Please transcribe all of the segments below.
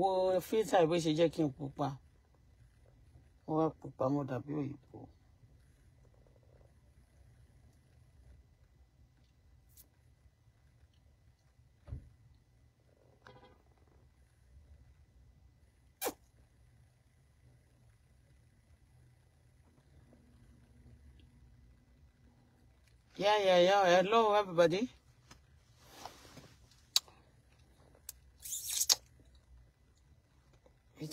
wo fílítà ìbò ṣe jẹ́ kí n pupa wọ́n wá pupa mo dàbí òyìnbó. Yeah, yeah, yeah. Hello, everybody.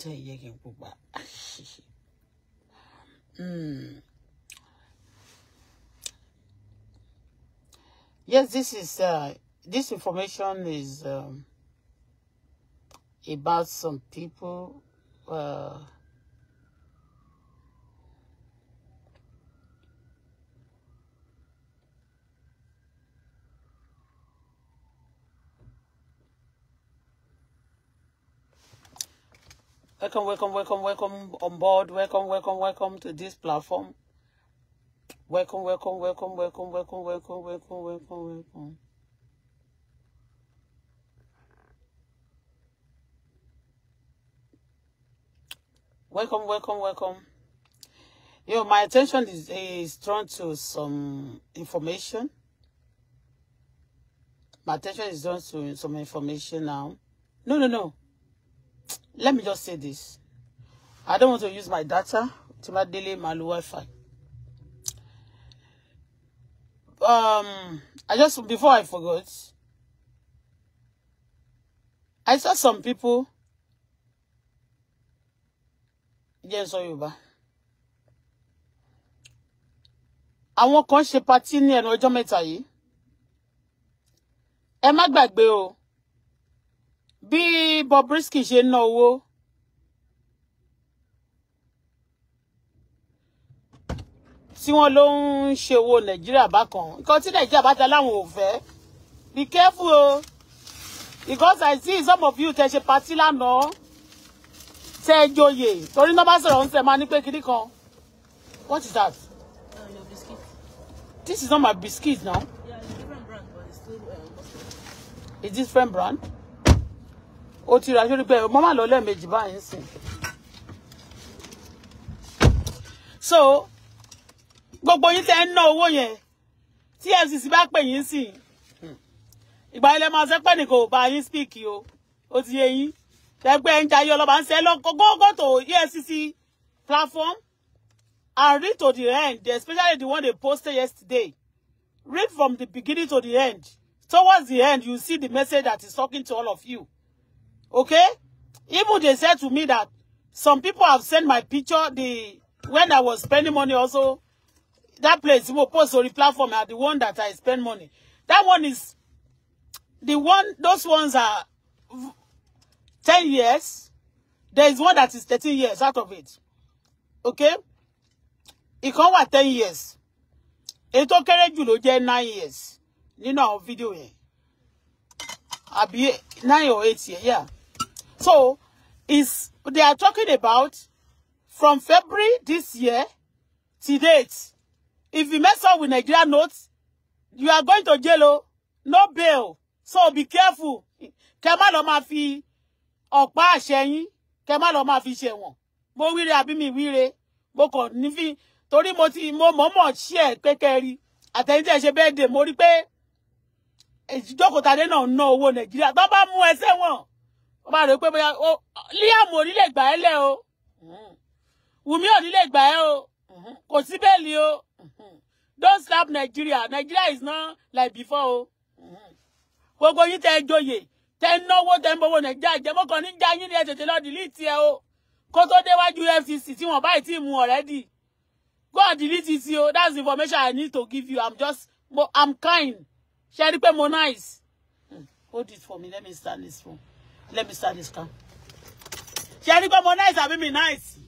Hmm. Yes, this is uh, this information is um, about some people. Uh, Welcome, welcome, welcome, welcome on board. Welcome, welcome, welcome to this platform. Welcome, welcome, welcome, welcome, welcome, welcome, welcome, welcome, welcome. Welcome, welcome, welcome. You know, my attention is, is drawn to some information. My attention is drawn to some information now. No, no, no. let me just say this i don't want to use my data to my daily ma lo wifi um i just before i forgot i saw some people jẹ́ sọ yorùbá àwọn kan ṣe patí the party ọjọ́ mẹ́ta yìí ẹ má gbàgbé o bí Bobrisky ṣe ń ná owó tí wọ́n ló ń ṣe owó Nàìjíríà bákan nǹkan tí Nàìjíríà bá ta láwọn ò fẹ́ be careful o because I see some of you tẹ ṣe patí lánàá tẹ joyè torí náà bá sọ̀rọ̀ ń tẹ máa ní pé kiri kan what is that? Oh, your biscuit. This is not my biscuit now. Yeah, different brand, but it's still. Uh, it's different brand ó ti ra sórí bẹ́ẹ̀ mọ́mà lọ lẹ́ẹ̀mejì báyìí ń sìn. so gbogbo yín tẹ́ ń ná owó yẹn tí EFCC bá pè yín sìn ìgbà ilẹ̀ máa sẹ́pẹ́ nìkan ò bá speak o ó ti yé yín tẹ́gbẹ́ ń jayé ọlọ́ba ń sẹ́ lọ́kọ́ gógó to EFCC platform and read to the end especially the one they posted yesterday read from the beginning to the end towards the end you see the message that is talking to all of you. Okay? Even they said to me that some people have sent my picture, the when I was spending money also, that place, you post on the platform, are the one that I spend money. That one is, the one, those ones are 10 years. There is one that is 13 years out of it. Okay? It can't wà 10 years. Èyí tó you jù ló jẹ́ 9 years. Nínú video here. yẹn. be 9 or 8 years, yeah. So is they are talking about from February this year to date. If you mess up with Nigeria notes, you are going to jail, oh. no bail. So be careful. Kẹ́ má lọ máa fi ọ̀pá àṣẹ yín, kẹ́ má lọ máa fi Mo wíre àbí mi wíre, mo kàn ní fi torí mo ti mo mọ̀ọ́mọ̀ ṣí ẹ̀ kékeré àtẹ̀yìn tí ẹ ṣe bẹ́ẹ̀ dè mo rí pé ìjókòó tàdé náà ń ná owó Nàìjíríà tó bá mú ẹsẹ̀ wọn ó bá rò pé bóyá ó Liam ò ní lè gbà ẹ́ lẹ̀ o Wùmí ò lè gbà ẹ́ o kò sí bẹ́ẹ̀lì o don't slap Nigeria Nigeria is not like before o gbogbo yín tẹ́ joyè tẹ́ náwó tẹ́ ń bọwọ Nàìjíríà jẹmọ kan ní jáyín ní ẹ tètè lọ delete ẹ o kó tó déwájú EFCC tí wọ́n báyìí tí mú already go and delete it o that's information I need to give you I'm just I'm kind ṣe rí pé mo nice hold it for me let me stand this phone let me start this car. ṣe ẹni go mo nice àbí mi nice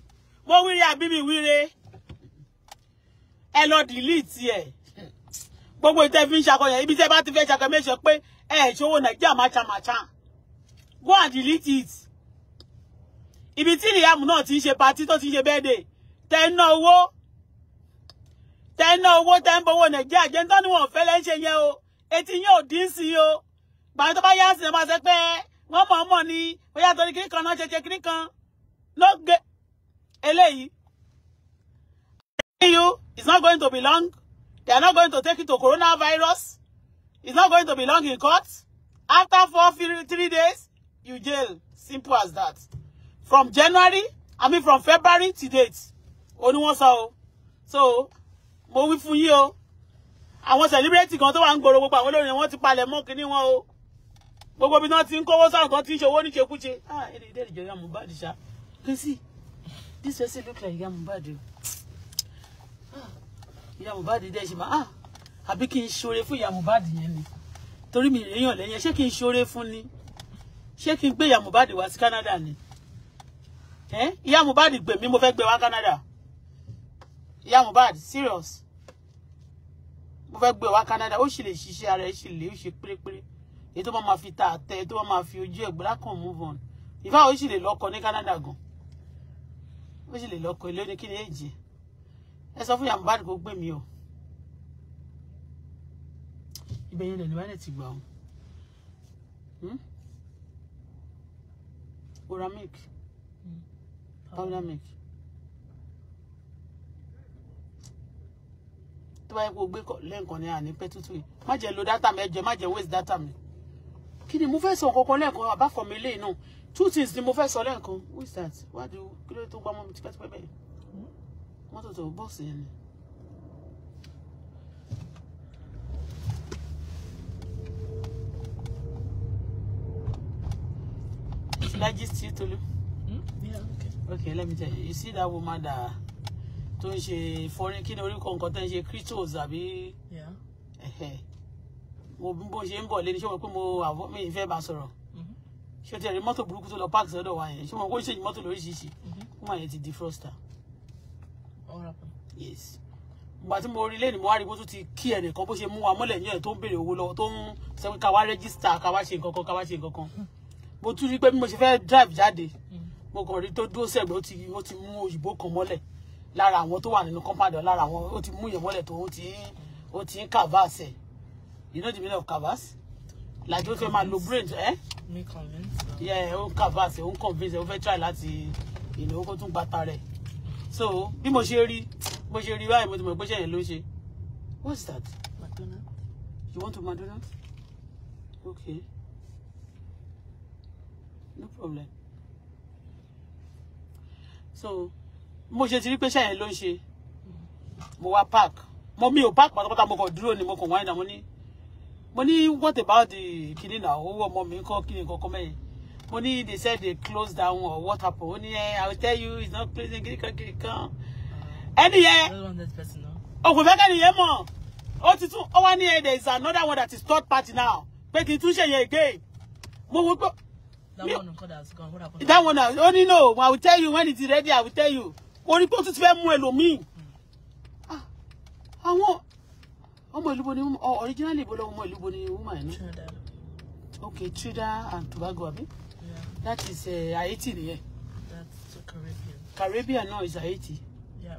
mo wíre àbí mi weary. ẹ lọ delete ẹ gbogbo ìtẹ́ fi ń ṣàkọyọ̀ ibi if bá ti fẹ́ ṣàkọyọ̀ méṣe pé ẹ ṣòwò nàìjíríà màchàmàchà go and delete it ibi tí ìyàmù náà ti ń ṣe patí tó ti ń ṣe bẹ́ẹ̀dẹ̀ tẹ́ ń ná owó tẹ́ ń ná owó tẹ́ ń bọ̀wọ̀ nàìjíríà jẹ́ ń tọ́ ni wọ́n fẹ́ lẹ́ ń ṣe yẹn o etí yẹn ò dín sí i o gbàgbé tó bá yá sí i ẹ máa ṣe wọ́n mọ̀ ọmọ ni bóyá torí kíní kan náà ṣe ṣe kíní kan ló gé eléyìí. EU is not going to be long. They are not going to take you to coronavirus. It's not going to be long in court. After four, three days, you jail. Simple as that. From January, I mean from February to date. Only one So, mo wí fún yín o. Àwọn celebrity kan tó wà ń gboro gbogbo àwọn olórin wọn ti palẹ̀ mọ́ kíní wọn o gbogbo ibi náà ti ń kówó sáà kan ti ń ṣe owó níṣekúṣe ah èdè ìdẹ́rì jọ ìyá Mohbad ṣá can see this person look like ìyá Mohbad o ìyá ah, Mohbad dẹ́ ṣe máa ah àbí kí n ṣoore fún ìyá Mohbad yẹn ni torí mi èèyàn lẹ́yìn ṣé kí n ṣoore fún ni ṣé kí n gbé ìyá Mohbad wá sí Canada ni ìyá Mohbad gbè mí mo fẹ́ gbé wá Canada ìyá Mohbad serious mo fẹ́ gbé wá Canada ó sì lè ṣiṣẹ́ ara ẹ̀ sì lè ó ṣe pérépéré èyí tó bá máa fi ta àtẹ èyí tó bá máa fi ojú ẹ̀gbẹ́ lákàn move on ìfá ó sì lè lọ́kọ ní Canada gan ó sì lè lọ́kọ ilé ní kíni èjì ẹ sọ fún yàrá kó gbé mi o ibẹ̀ yẹn lẹ́nu báyìí ti gbà wọn hmm? oramic powder milk tó bá yẹ kó gbé lẹ́ǹkan ní àní pẹ́ tútù yìí má jẹ́ lo dátà mi ẹ jẹ́ má jẹ́ waste dátà mi kí ni mo fẹ́ sọ kankan lẹ́ẹ̀kan àbá fọ̀ mi léè náà two things ni mo fẹ́ sọ lẹ́ẹ̀kan who is that wá di kí ló tó gbá mọ́ mi tipẹ́tipẹ́ bẹ́ẹ̀ mọ́tò tó bọ́ọ̀sì yẹn ni. Should I just see Yeah, okay. Okay, let me tell you. You see that woman that tó ń ṣe foreign kí ni orúkọ nǹkan tó ń ṣe cryptos àbí. Yeah bó ṣe ń bọ̀ lẹ́ni ṣé mo pé mo àvọ́ mi ìfẹ́ bá sọ̀rọ̀ mm-hmm. ṣé ti rí mọ́tò burúkú tó lọ park sọ́dọ̀ wa yẹn ṣé mo kó ṣe mọ́tò lóríṣiríṣi fún mm-hmm. àyẹ̀ ti defroster. yes ìgbà tí mo rí lẹ́nu mo wá rí bó ti kí ẹnìkan bó ṣe mú wa mọ́lẹ̀ yẹn tó ń béèrè owó lọ́wọ́ tó ń sọ pé ká wá rẹ́gísítà ká wá ṣe nǹkan kan ká wá ṣe nǹkan kan mo tún rí pé bí mo ṣe fẹ́ drive jáde mm-hmm. mo kàn rí tó dúró sẹ́gbẹ̀ẹ́ ó ti mú òyìnbó kan mọ́lẹ̀ lára àwọn tó wà nínú compound lára àwọn ó ti mú yẹn mọ́lẹ̀ tó ó ti ń kàvá àṣẹ You know the meaning of canvas? Like you fẹ́ my lo brain, eh? Me convince. Yeah, ó canvas, ó convince, ó fẹ́ try láti ìnáwó kó go to battle. So be mo ṣe rí bó Why? rí báyìí mo ti mọ̀ pé What's that? McDonald. You want to McDonald? Okay. No problem. So mo ṣe ti rí pé ṣẹ̀yìn ló ń mm-hmm. Mo wá park. Mo mi ò park pátápátá mo kàn dúró ni mo kàn wáyé dàmú ní mo ní what about the kini na owó ọmọ mi kọ́ kini kankan mẹ́yìn mo ní they said they closed down or what happen ó ní ẹ eh, i will tell you it's not closing kini kan kini kan ẹni yẹn òkùn fẹ́ kẹ́ni yẹn mọ̀ ó ti tún ó wá ní ẹ eh, there is another one that is third party now pé kí n tún ṣe yẹn again mo wo pé. that one nǹkan that's gone what happened. that one na ó ní no i will tell you when it is ready i will tell you orí pé ó tún ti fẹ́ mú ẹlòmíì ah, àwọn ọmọ ìlú bo ni original ibo lọ ọmọ ìlú bo ni woman ni okay Trinidad and Tobago abi yeah. that is uh, Haiti nìyẹn that's Caribbean Caribbean náà is Haiti yeah.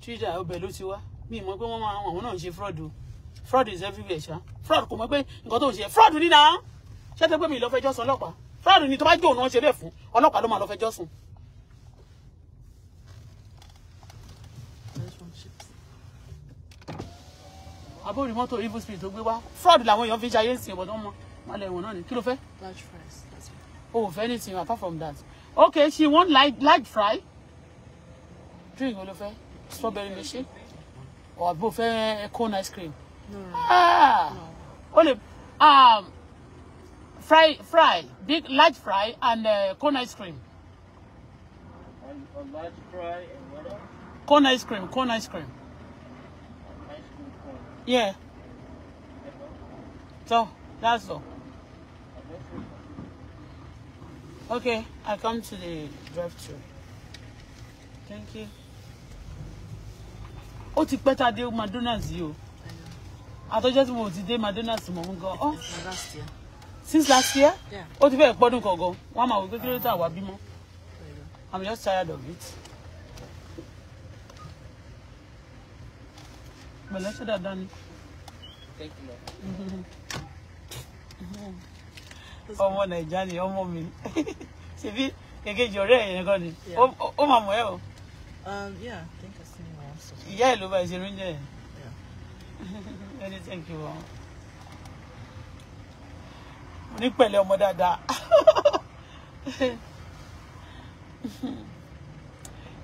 Trinidad ọbẹ̀ ló ti wá mi mọ̀ pé wọ́n máa àwọn náà ń ṣe fraud o fraud is everywhere ṣá fraud kò mọ̀ pé nǹkan tó ń ṣe fraud ni náà ṣé tó pé mi lọ fẹjọ́ sùn ọlọ́pàá fraud ni tó bá jó òun ṣe bẹ́ẹ̀ fún ọlọ́pàá ló máa lọ fẹjọ́ sùn àbórí mọ́tò evil spirit tó gbé wá fraud làwọn èèyàn fi ń ṣayé ìsìn ìbọ̀dọ̀ mọ́ wọn lè wọ̀n náà ni kí ló large fries oh if anything apart from that okay she want like large fry drink wo ló fẹ́ strawberry milkshake or àbí o fẹ́ cone ice cream. no ah o lè um, fry fry big large fry and uh, cone ice cream. A large fry and what else? Cone ice cream, cone ice cream. Yeah. So, that's all. Okay, I come to the drive-thru. Thank you. Ó ti pẹ́ tá Madonna's McDonald's yìí o. Àtọ́jọ́ tí mo ti dé Madonna's mọ̀ ń gan. Oh, last year. Since last year? Yeah. Ó ti fẹ́ pọ́dún kọ̀ọ̀kan. Wọ́n máa wò pé kí ló tà wá bímọ. I'm just tired of it. Thank you. pẹ̀lẹ́ ṣe dáadáa ni. ọmọ nàìjíríà ni ọmọ mi ṣèbí kékejì ọ̀rẹ́ ẹ̀yẹ nìkan ni ó máa mọ̀ ẹ́ o. Um, ìyá ẹ̀ ló bá ṣe Yeah. yẹn. thank you want. mo ní pẹ̀lẹ́ ọmọ dáadáa.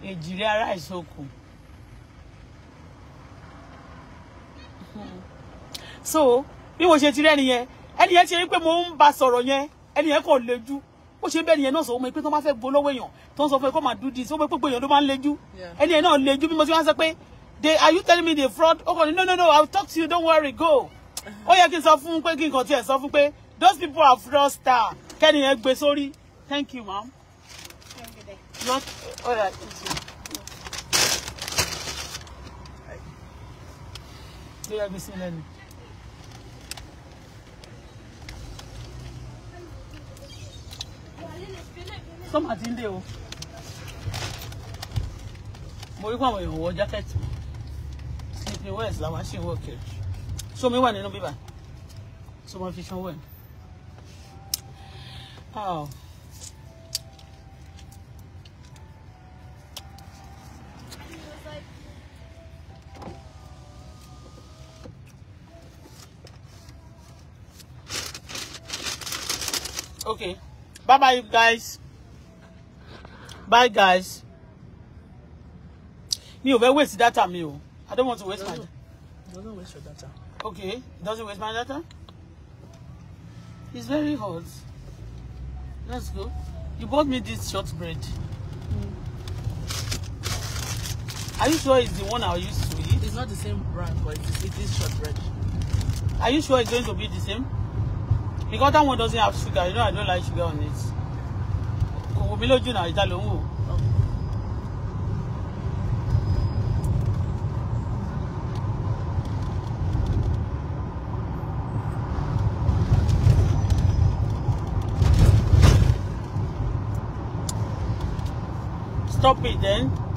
èjìrì ara ìsokùn. so bí mo ṣe ti rẹ́ni yẹn ẹni yẹn ti rí pé mo ń ba sọ̀rọ̀ yẹn ẹni yẹn kò lejú ó ṣe bẹ́ẹ̀ ni yẹn náà sọ wọ́n pé tó máa fẹ́ bolówó èèyàn tó ń sọ fún ẹ do this ó pé gbogbo èèyàn ló máa ń lejú ẹni yẹn náà lejú bí mo ti wá sọ pé they are you telling me they fraud ó kàn no no no i will talk to you don't worry go ó yẹ kí n sọ fún pé kí n kàn tiẹ̀ sọ fún those people are fraudster kẹ́ni yẹn gbé sórí thank you ma'am. Not all right. Lè yè bisin lè ni. Sọ́mà ti ń dé o. Mo rí pé àwọn Sleeping wears làwọn ṣì ń wọ̀ kiri. Ṣé omi wà nínú bíbà? Ṣé o máa fi ṣan wẹ̀? Oh. Bye bye, guys. Bye, guys. You ò fẹ́ waste data me. I don't want to waste it my data. Doesn't waste your data. Okay, doesn't waste my data. It's very hot. Let's go. You bought me this shortbread. Mm. Are you sure it's the one I used to eat? It's not the same brand, but it is shortbread. Are you sure it's going to be the same? because that one doesn't have sugar you know I don't like sugar on it kò wù mí lójú náà ìta Stop it then.